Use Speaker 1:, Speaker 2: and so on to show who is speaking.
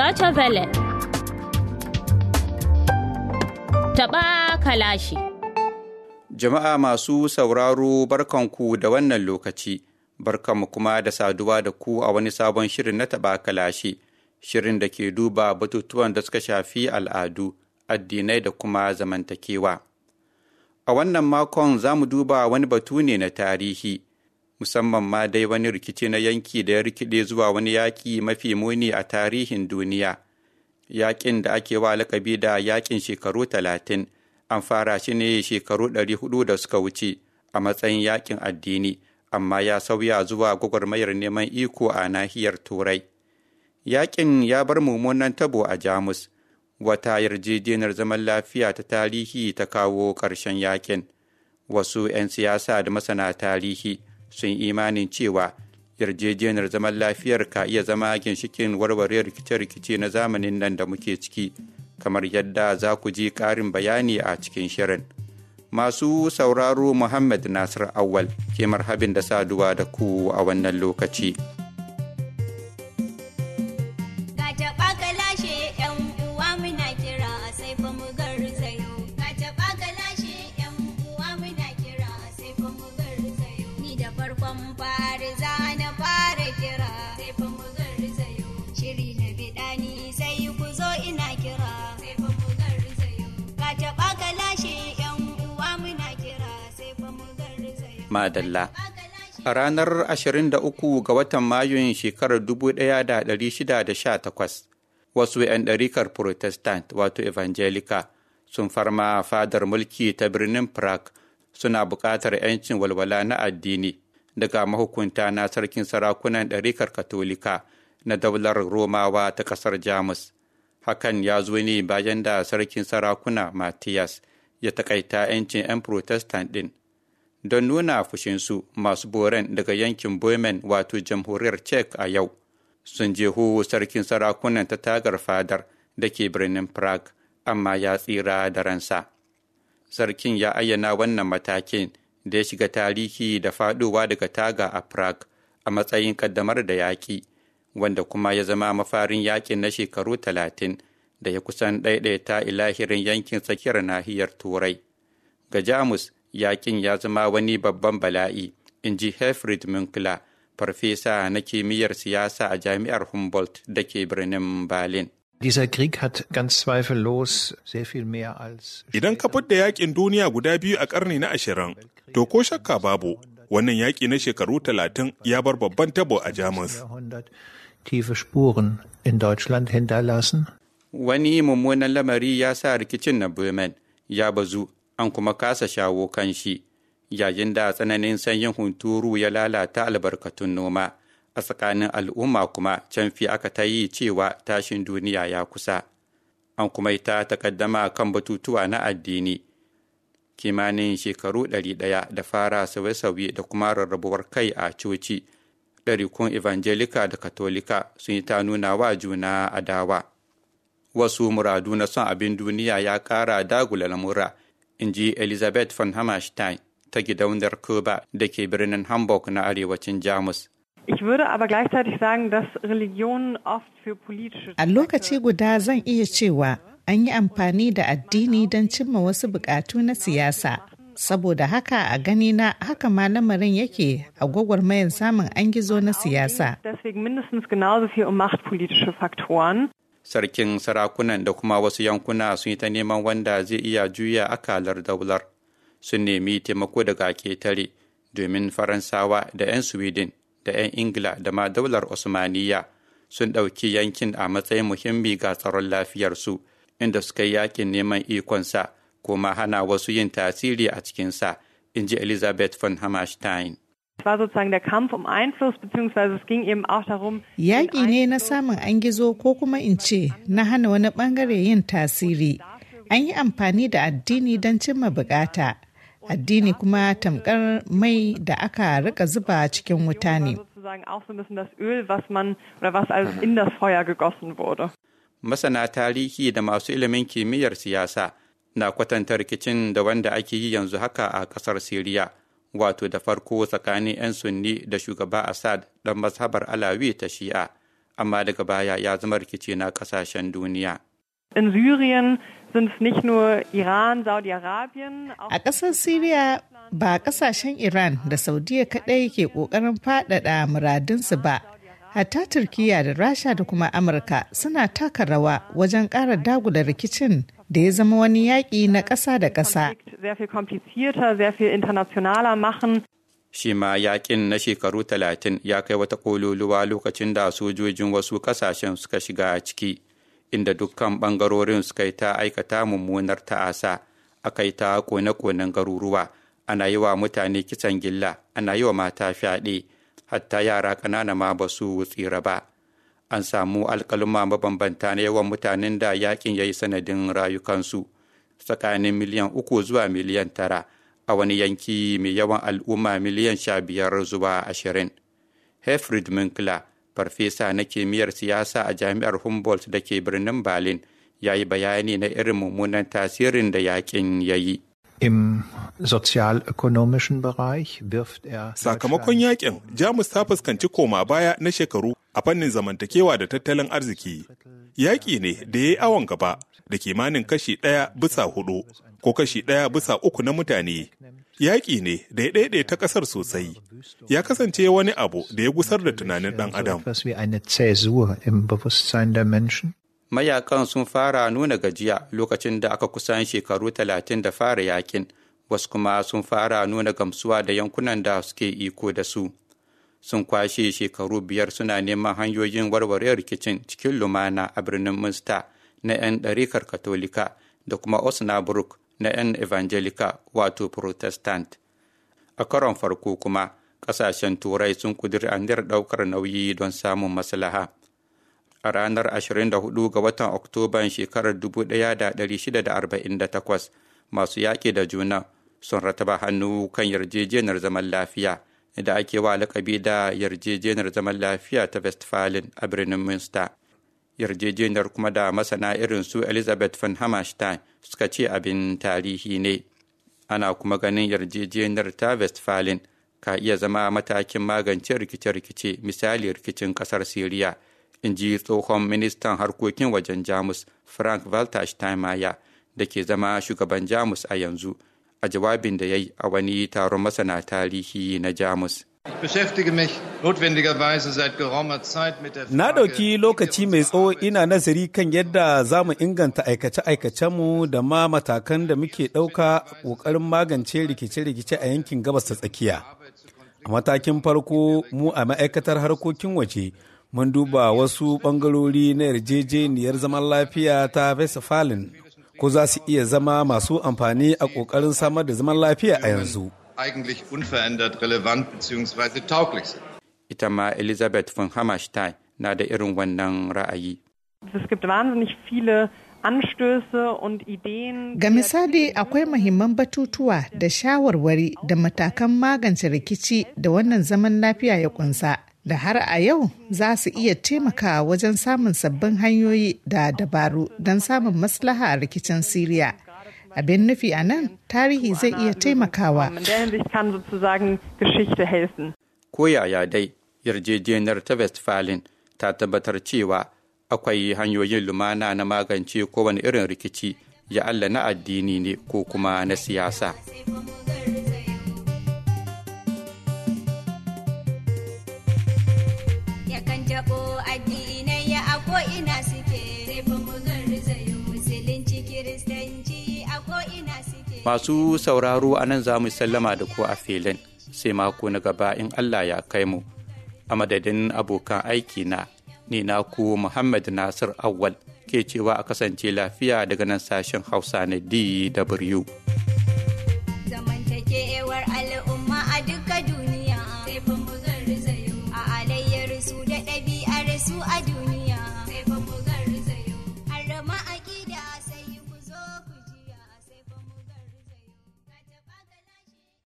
Speaker 1: Deutsche Welle. Taɓa kalashi.
Speaker 2: Jama'a masu sauraro barkanku da wannan lokaci, barkanmu kuma da saduwa da ku a wani sabon shirin na taɓa kalashi, shirin da ke duba batutuwan da suka shafi al'adu, addinai da kuma zamantakewa. A wannan makon za mu duba wani batu ne na tarihi. musamman ma dai wani rikici na yanki da ya rikide zuwa wani yaƙi mafi muni a tarihin duniya yaƙin da ake wa lakabi da yaƙin shekaru talatin an fara shi ne shekaru ɗari hudu da suka wuce a matsayin yaƙin addini amma ya sauya zuwa gwagwarmayar neman iko a nahiyar turai yaƙin ya bar mummunan tabo a jamus wata yarjejeniyar zaman lafiya ta tarihi ta kawo ƙarshen yaƙin wasu 'yan siyasa da masana tarihi sun imanin cewa yarjejeniyar zaman lafiyar ka iya zama ginshikin warware rikice-rikice na zamanin nan da muke ciki kamar yadda za ku ji ƙarin bayani a cikin shirin. Masu sauraro Muhammad Nasir Awal ke marhabin da saduwa da ku a wannan lokaci. Madalla. A ranar 23 ga watan Mayun shekarar 1618, wasu 'yan ɗarikar Protestant wato Evangelica sun farma fadar mulki ta birnin Prague suna buƙatar 'yancin walwala na addini daga mahukunta na sarkin sarakunan ɗarikar Katolika na daular Romawa ta ƙasar Jamus. Hakan ya zo ne bayan da sarkin sarakuna Matthias ya taƙaita 'yancin 'yan Protestant ɗin. don nuna fushinsu masu boren daga yankin bomen wato jamhuriyar czech a yau sun je huhu sarkin sarakunan ta tagar fadar da ke birnin prague amma ya tsira da ransa sarkin ya ayyana wannan matakin da ya shiga tarihi da faduwa daga taga a prague a matsayin kaddamar da yaƙi wanda kuma ya zama mafarin yaƙin na shekaru talatin da ya kusan ɗaiɗaita ilahirin yankin tsakiyar nahiyar turai ga jamus yakin ya zama wani babban bala'i in ji hefrid munkla farfesa na kimiyyar siyasa a jami'ar humboldt da ke birnin berlin
Speaker 1: Dieser Krieg hat ganz zweifellos
Speaker 2: Idan ka da yakin duniya guda biyu a karni na ashirin, to ko shakka babu wannan yaƙi na shekaru talatin ya bar babban tabo a Jamus. Wani mummunan lamari ya sa rikicin na Bremen ya bazu an kuma kasa shawo kan shi yayin da tsananin sanyin hunturu ya lalata albarkatun noma a tsakanin al'umma kuma can fi aka ta yi cewa tashin duniya ya kusa an kuma ta takaddama kan batutuwa na addini kimanin shekaru ɗari ɗaya da fara sauye-sauye da kuma rarrabuwar kai a coci ɗarikun evangelika da katolika sun yi ta nuna wa juna adawa wasu muradu na son abin duniya ya ƙara dagula lamura in ji Elizabeth von Hammerstein ta gidauniyar Kuba da ke birnin Hamburg na arewacin Jamus.
Speaker 3: Ich würde aber gleichzeitig sagen, dass religion oft für politische A lokaci guda zan iya cewa
Speaker 1: an yi amfani da addini don cimma wasu bukatu na siyasa. Saboda haka a gani na haka ma lamarin yake a gwagwarmayan samun an gizo na siyasa.
Speaker 2: Deswegen
Speaker 3: mindestens genauso viel um machtpolitische Faktoren.
Speaker 2: sarkin sarakunan da kuma wasu yankuna sun yi ta neman wanda zai iya juya akalar daular sun nemi taimako daga ketare domin faransawa da 'yan sweden da 'yan ingila da ma daular osmaniya sun ɗauki yankin a matsayin muhimmi ga tsaron lafiyarsu inda suka yi yakin neman ikonsa kuma hana wasu yin tasiri a cikinsa in ji elizabeth von hammerstein
Speaker 3: war sozusagen der Kampf um Yaƙi ne na samun an gizo
Speaker 1: ko kuma in ce na hana wani bangare yin tasiri. An yi amfani da addini don cimma bukata. Addini kuma tamkar mai da aka rika zuba cikin wuta ne.
Speaker 2: Masana tarihi da masu ilimin kimiyyar siyasa na kwatanta rikicin da wanda ake yi yanzu haka a kasar Siriya. wato da farko tsakanin 'yan sunni da shugaba assad dan mazhabar alawi ta shi'a amma daga baya ya zama rikici na kasashen duniya
Speaker 3: in syrien sind A ƙasar syria
Speaker 1: ba ƙasashen Iran da Saudiya kaɗai ke ƙoƙarin faɗaɗa muradinsu ba. Hatta Turkiyya da Rasha da kuma Amurka suna taka rawa wajen ƙara dagula rikicin da ya zama wani yaƙi na ƙasa da ƙasa.
Speaker 2: Shi ma yaƙin na shekaru talatin ya kai wata ƙololuwa lokacin da sojojin wasu ƙasashen suka shiga a ciki, inda dukkan ɓangarorin suka yi ta aikata mummunar ta'asa, aka yi ta ƙone-ƙonen garuruwa, ana yi wa mutane kisan gilla, ana yi wa mata fyaɗe, hatta yara ƙanana ma ba su tsira ba. an samu alkaluma mabambanta na yawan mutanen da yakin ya yi sanadin rayukansu tsakanin miliyan uku zuwa miliyan tara a wani yanki mai yawan al'umma miliyan sha biyar zuwa ashirin. Hefrid Minkla, farfesa na kimiyyar siyasa a jami'ar Humboldt da ke birnin Berlin, ya yi bayani na irin mummunan tasirin da yakin ya yi.
Speaker 1: Im sozialökonomischen Bereich wirft er.
Speaker 2: Sakamakon yakin, Jamus ta fuskanci koma baya na shekaru a fannin zamantakewa da tattalin arziki. Yaƙi ne da ya yi awon gaba da kimanin kashi ɗaya bisa hudu ko kashi ɗaya bisa uku na mutane. Yaƙi ne da ya ɗaya ta ƙasar sosai. Ya kasance wani abu da ya gusar da tunanin ɗan adam. mayakan sun fara nuna gajiya lokacin da aka kusan shekaru talatin da fara yakin wasu kuma sun fara nuna gamsuwa da yankunan da suke iko da su sun kwashe shekaru biyar suna neman hanyoyin warware rikicin cikin lumana a birnin minsta na 'yan ɗarikar katolika da kuma osnabrück na 'yan evangelika wato protestant a karon farko kuma ƙasashen turai sun ƙudiri aniyar ɗaukar nauyi don samun maslaha a ranar 24 ga watan Oktoban shekarar 1648 masu yaƙi da juna sun rataba hannu kan yarjejeniyar zaman lafiya da ake wa lakabi da yarjejeniyar zaman lafiya ta Westfalen a birnin Münster. Yarjejeniyar kuma da masana irin su Elizabeth von Hammerstein suka ce abin tarihi ne. Ana kuma ganin yarjejeniyar ta Westfalen ka iya zama matakin magance rikice-rikice misali rikicin ƙasar Siriya. in ji tsohon ministan harkokin wajen jamus frank walter steinmeier da ke zama shugaban jamus a yanzu a jawabin da ya yi a wani taron masana tarihi na jamus Na ɗauki lokaci mai tsawo ina nazari kan yadda za mu inganta aikace-aikacenmu da ma matakan da muke ɗauka ƙoƙarin magance rikice-rikice a yankin gabas ta tsakiya. A matakin farko mu a ma'aikatar harkokin waje mun duba wasu ɓangarori na yarjejeniyar zaman lafiya ta Westphalen ko za su iya zama masu amfani a ƙoƙarin samar da zaman lafiya a yanzu. Ita ma Elizabeth von Hammerstein na da irin wannan ra'ayi.
Speaker 1: Ga misali akwai mahimman batutuwa da shawarwari da matakan magance rikici da wannan zaman lafiya ya kunsa. da har a yau za su iya taimakawa wajen samun sabbin hanyoyi da dabaru don samun maslaha a rikicin Siriya. Abin nufi a nan tarihi zai iya taimakawa.
Speaker 2: Ko yaya dai yarjejeniyar ta Westfalen ta tabbatar cewa akwai hanyoyin lumana na magance kowane irin rikici ya Allah na addini ne ko kuma na siyasa. masu sauraro a nan za mu sallama da ku a filin sai mako na gaba in allah ya kai mu a madadin abokan aiki na ni na ku muhammad nasir awal ke cewa a kasance lafiya daga nan sashen hausa na dw
Speaker 1: al'umma a duka duniya sai a a duniya